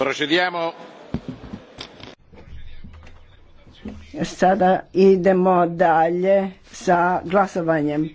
Procediamo. Sada idemo dalje sa glasovanjem.